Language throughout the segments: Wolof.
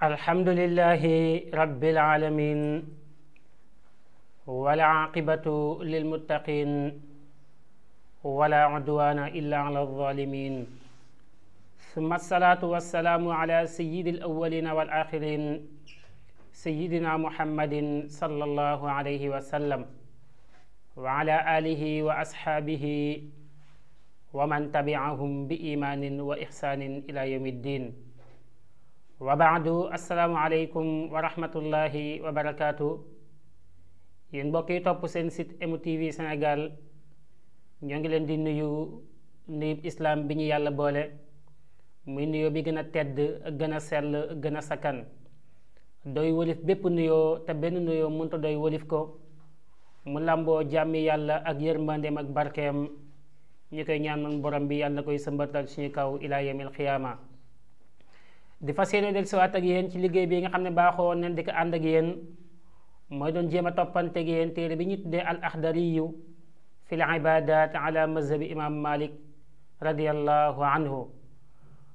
الحمد لله رب العالمين والعاقبة للمتقين ولا عدوان إلا على الظالمين ثم الصلاة والسلام على سيد الأولين والآخرين سيدنا محمد صلى الله عليه وسلم وعلى آله وأصحابه ومن تبعهم بإيمان وإحسان إلى يوم الدين wa baadu assalaamu aleykum wa rahmatullahi wa barakaatu mbokk yi topp seen site MTV Sénégal ñoo ngi leen di nuyu nuyub islaam bi ñu yàlla boole muy nuyoo bi gën a tedd gën a sell gën a sakkan dooy wëlif bépp nuyoo te benn nuyoo mënta doy wëlif ko mu làmboo jàmm yàlla ak yërmandeem ak barkeem ñu koy ñaan man borom bi yàlla na koy sëmbatal suñu kaw ilaa yemil xiyaama di fa yéene del siwaat ak yéen ci liggéey bi nga xam ne baaxoo nañ di ko ànd ak yéen mooy doon jéem a toppante ak yéen téere bi ñu tuddee al axdariyu fi l ibadat ala mazhabi imam malik radiallahu anhu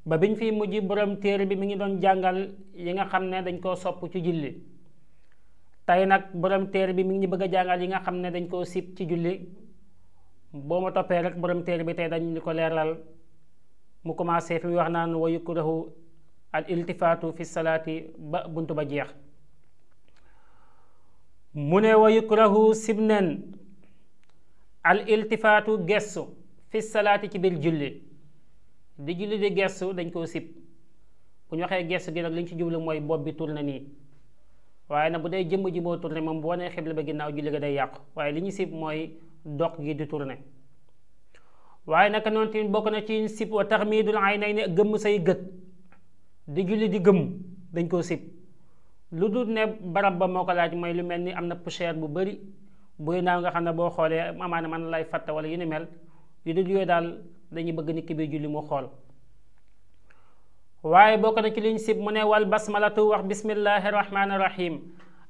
ba biñ fi mujj borom téere bi mi ngi doon jàngal yi nga xam ne dañ koo sopp ci julli tey nag borom téere bi mi ngi bëgg a jàngal yi nga xam ne dañ koo sib ci julli boo ma toppee rek borom téere bi tey dañ ko leeral mu commencé fi mu wax naan al iltifaatu fi salaati ba bunt ba jeex mu ne wa yukrahu sibnen al iltifaatu gestu fi salaati ci biir julli di julli di gestu dañ koo sib bu ñu waxee gestu gi nag li ñu ci jublu mooy bopp bi tourne nii waaye nag bu dee jëmm ji moo tourné moom boo nee xibla ba ginnaaw julli ga day yàqu waaye li ñu sib mooy dox gi di tourné waaye naka noonu tamit bokk na ci sib wa taxmiidul aynayni gëmm say gët di julli di gëmm dañ koo sib lu dul ne barab ba moo ko laaj mooy lu mel ni am na poussière bu bëri buy naaw nga xam ne boo xoolee amaana man lay fatta wala yu ni mel yu dul yooyu daal dañuy bëgg nit ki biy julli mu xool waaye ko na ci liñ sib mu ne wal basmalatu wax bismillahi rahmaani rahim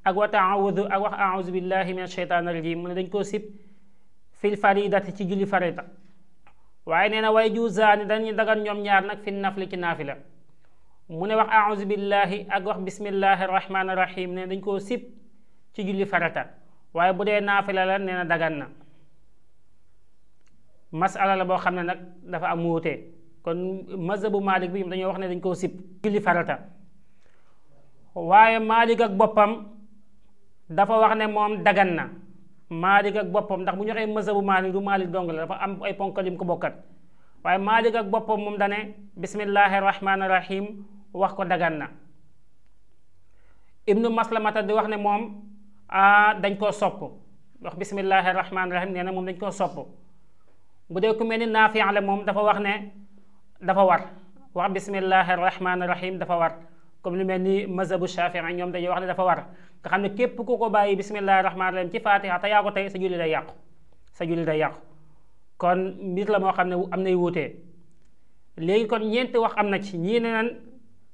ak wa taawudu ak wax audu billahi min asheytaani rajim mu ne dañ koo sib fil faridati ci julli farita waaye nee na way juusaani dañuy dagan ñoom ñaar nag fi nafli ci naafila mu ne wax auzu ak wax bismillahi rahmaani rahim ne dañ koo sib ci julli farata waaye bu dee naafila ne na dagan na masala boo xam ne nag dafa am wuute kon mazhabu Malik bi dañoo wax ne dañ koo sib julli waaye Malik ak boppam dafa wax ne moom dagan na Malik boppam ndax bu ñu waxee mazhabu Malik du Malik dong la dafa am ay ponk lim ko bokkat waaye Malik ak boppam moom dane bismillahi rahmaani rahim wax ko dagan na ibnu maslamata di wax ne moom dañ koo sopp wax bismillahi rahmaani rahim nee na moom dañ koo sopp bu dee ku mel ni naafi le moom dafa wax ne dafa war wax bismillahi rahmaani rahim dafa war comme lu mel ni mazhabu shafii ñoom dañuy wax ne dafa war nga xam ne képp ku ko bàyyi bismillahi rahmaani rahim ci fatiha te yaa ko tey sa julli day yàqu sa julli day yàqu kon mbir la moo ne am nay kon ñeenti wax am na ñii ne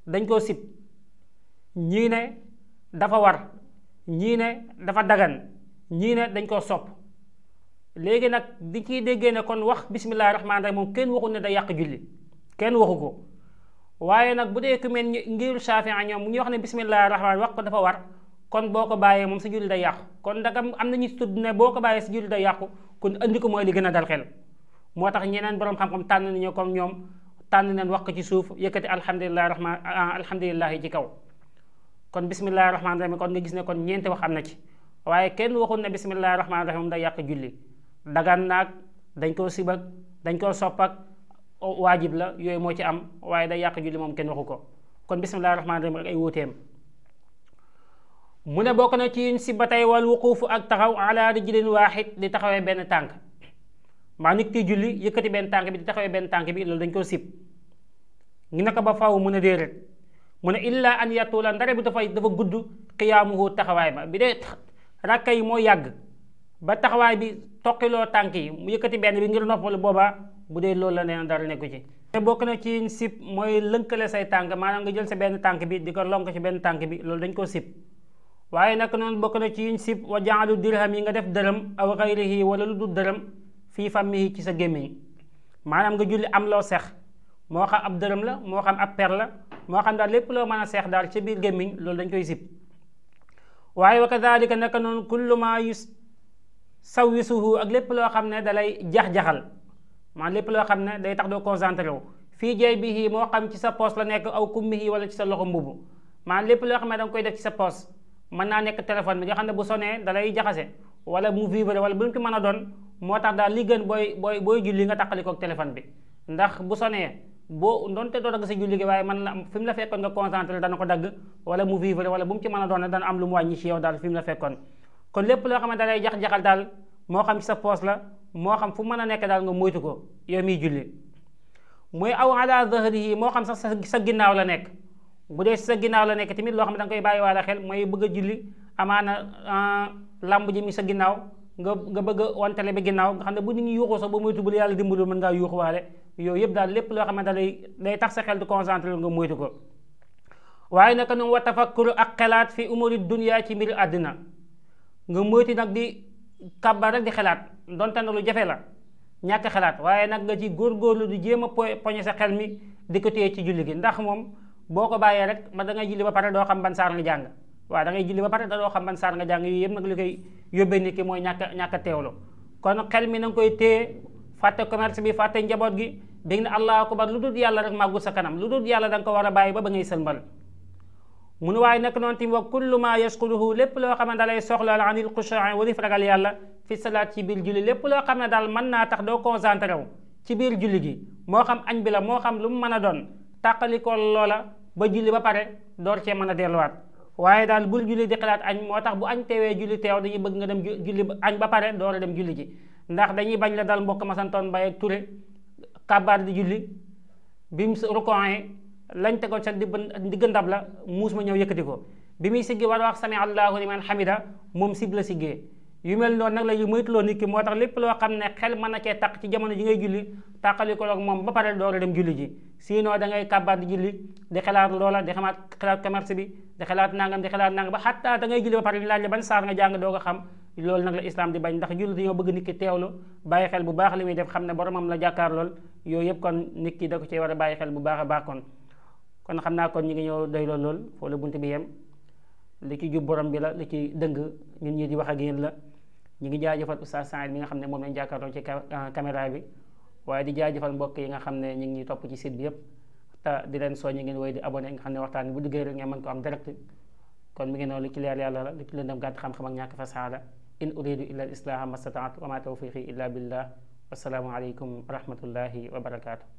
dañ koo sib ñii ne dafa war ñii ne dafa dagan ñii ne dañ koo sopp léegi nag di ciy déggee ne kon wax bisimilah rahmaani rahim moom kenn waxul ne day yàq julli kenn waxu ko waaye nag bu dee ku mel ngiru Shaafi'i ñoom mu ñuy wax ne bisimilah rahmaani wax ko dafa war kon boo ko bàyyee moom si julli day yàqu kon ndagam am na ñu tudd ne boo ko bàyyee si julli day yàqu kon andi ko mooy li gën a dal xel moo tax ñeneen boroom xam-xam tànn nañu comme ñoom. tànn neen wax ko ci suuf yëkkati alhamdulilahi rahman ah, alhamdulilahi ci kaw kon bismillahi rahmaani rahim kon nga gis ne kon ñeenti wax na ci waaye kenn waxul ne bismillahi rahmaani da yàq julli dagan naag dañ koo sibak dañ koo soppak waajib la yooyu moo ci am waaye day yàq julli moom kenn waxu ko kon bismillahi rahmaani rahim ak ay wuuteem mu ne bokk na ci yuñ si ba tey wal wuquufu ak taxaw di rijlin waaxid li taxawee benn tànk maa nit kiy julli yëkkati benn tànk bi di taxawee benn tànk bi loolu dañ koo sib ba faaw mën a déeréet mu ne illa an yatula ndare bi dafay dafa gudd xiyaamuhu taxawaay ba bi dee rakka yi moo yàgg ba taxawaay bi toqiloo tànk yi mu yëkkati benn bi ngir noppalu boobaa bu dee loolu la nee na ci te bokk na ci sib mooy lënkale say tànk maanaam nga jël sa benn tànk bi di ko lonk ci benn tànk bi loolu dañ koo sib waaye nag noonu bokk na ci yiñ sib wa jaalu dirham yi nga def dërëm aw xayrihi wala lu dul dërëm fii famille ci sa gémmiñ maanaam nga julli am loo seex moo xam ab dërëm la moo xam ab per la moo xam daal lépp loo mën a seex daal ci biir gémmiñ loolu dañ koy sib waaye wa kadalika naka noonu kullu maa yus sawwisuhu ak lépp loo xam ne dalay jax-jaxal maanaam lépp loo xam ne day tax doo concentré wu fii jay bihi moo xam ci sa poos la nekk aw kummihi wala ci sa loxo mbubu maan lépp loo xam ne da koy def ci sa poos mën naa nekk téléphone bi nga xam ne bu sonee dalay jaxase wala mu vibre wala bu mu ci mën a doon moo tax daal li gën booy booy booy julli nga taqalikook téléphone bi ndax bu sonee boo doonte doo dagg sa julli gi waaye man la fi mu la fekkoon nga concentré dana ko dagg wala mu vivre wala bu mu ci mën a doon mu wàññi ci yow fi mu la fekkoon kon lépp loo xamante dalay jax-jaxal daal moo xam ci sa poos la moo xam fu mën a nekk daal nga moytu ko yow miy julli muy aw ala zahrihi moo xam sax sa ginnaaw la nekk bu dee sa ginnaaw la nekk tamit loo xam ne danga koy bàyyi waale xel mooy bëgg a julli amaana ah, làmb ji mi sa ginnaaw nga nga bëgg a wantale ba ginnaaw nga xam ne bu nit ñi yuuxoo sax ba moytu bu yàlla dimbalul mën ngaa yuuxu waale yooyu yëpp daal lépp loo xamante ne day tax sa xel di concentré nga moytu ko waaye naka noonu wa tafakkuru ak xelaat fi umuri dunia ci mbiri àddina nga moytu nag di kàbbar rek di xelaat donte na lu jafe la ñàkk xelaat waaye nag nga ci góorgóorlu di jéem a poñe sa xel mi di ko téye ci julli gi ndax moom boo ko bàyyee rek ma da ngay julli ba pare doo xam ban saar nga jàng waaw da ngay julli ba pare da doo xam ban saar nga jàng yooyu yëpp nag li koy yóbbee nit ki mooy ñàkk ñàkk a teewlu kon xel mi na koy téye fàtte commerce bi fàtte njaboot gi dégg na allahu akbar lu dul yàlla rek màggul sa kanam lu dul yàlla da ko war a bàyyi ba ba ngay sëlmal mu nu waaye nekk noonu tamit wa kullu ma yasquluhu lépp loo xam ne da lay soxlaal anil xushuu'i walif ragal yàlla fi salaat ci biir julli lépp loo xam ne daal mën naa tax doo concentré wu ci biir gi moo xam añ bi la moo xam lu mu mën a doon tàqalikoo loola ba julli ba pare door cee mën a delluwaat waaye daal bul julli di xalaat añ moo tax bu añ teewee julli teew dañuy bëgg nga dem julli añ ba pare door dem julli ji ndax dañuy bañ la daal mbokk masantoon mbay bay ture kabaar di julli bi mu rukoonee lañ tegoon sa digg ndab la muus ma ñëw yëkkati ko bi muy siggee war a wax sami allahu liman hamida moom sib la siggee yu mel noonu nag la yu moytuloo nit ki moo tax lépp loo xam ne xel mën na cee taq ci jamono ji ngay julli tàqali ko ak moom ba pare door a dem julli ji sinon da kàbbaat di julli di xalaat loola di xamaat xalaat commerce bi di xalaat nangam di xalaat nangam ba xatta da ngay julli ba pare ñu laaj la ban saar nga jàng doo ko xam loolu nag la islam di bañ ndax julli dañoo bëgg nit ki teewlu bàyyi xel bu baax li muy def xam ne boromam la jàkkaar lool yooyu yëpp kon nit ki da ko cee war a bàyyi xel bu baax a baax kon kon naa kon ngi ñëw doy lool lool foofu la bunt bi yem li ci jub borom bi la li ci dëng ñun ñi di wax ak yéen la ñu ngi jaajëfal oustaz Saïd mi nga xam ne moom lañ jàkkaarloo ci euh, caméra bi waaye di jaajëfal mbokk yi nga xam ne ñu ngi topp ci site bi yëpp te di leen soo ñu ngeen wéy di abonné nga xam ne waxtaan bu duggee rek ngeen mën ko am direct kon mi ngi noonu lu ci leer yàlla la lu ci lëndëm gàtt xam-xam ak ñàkk fasaala in uridu illa al islaha mastataatu wa ma tawfiqi illa billah wasalaamu aleykum wa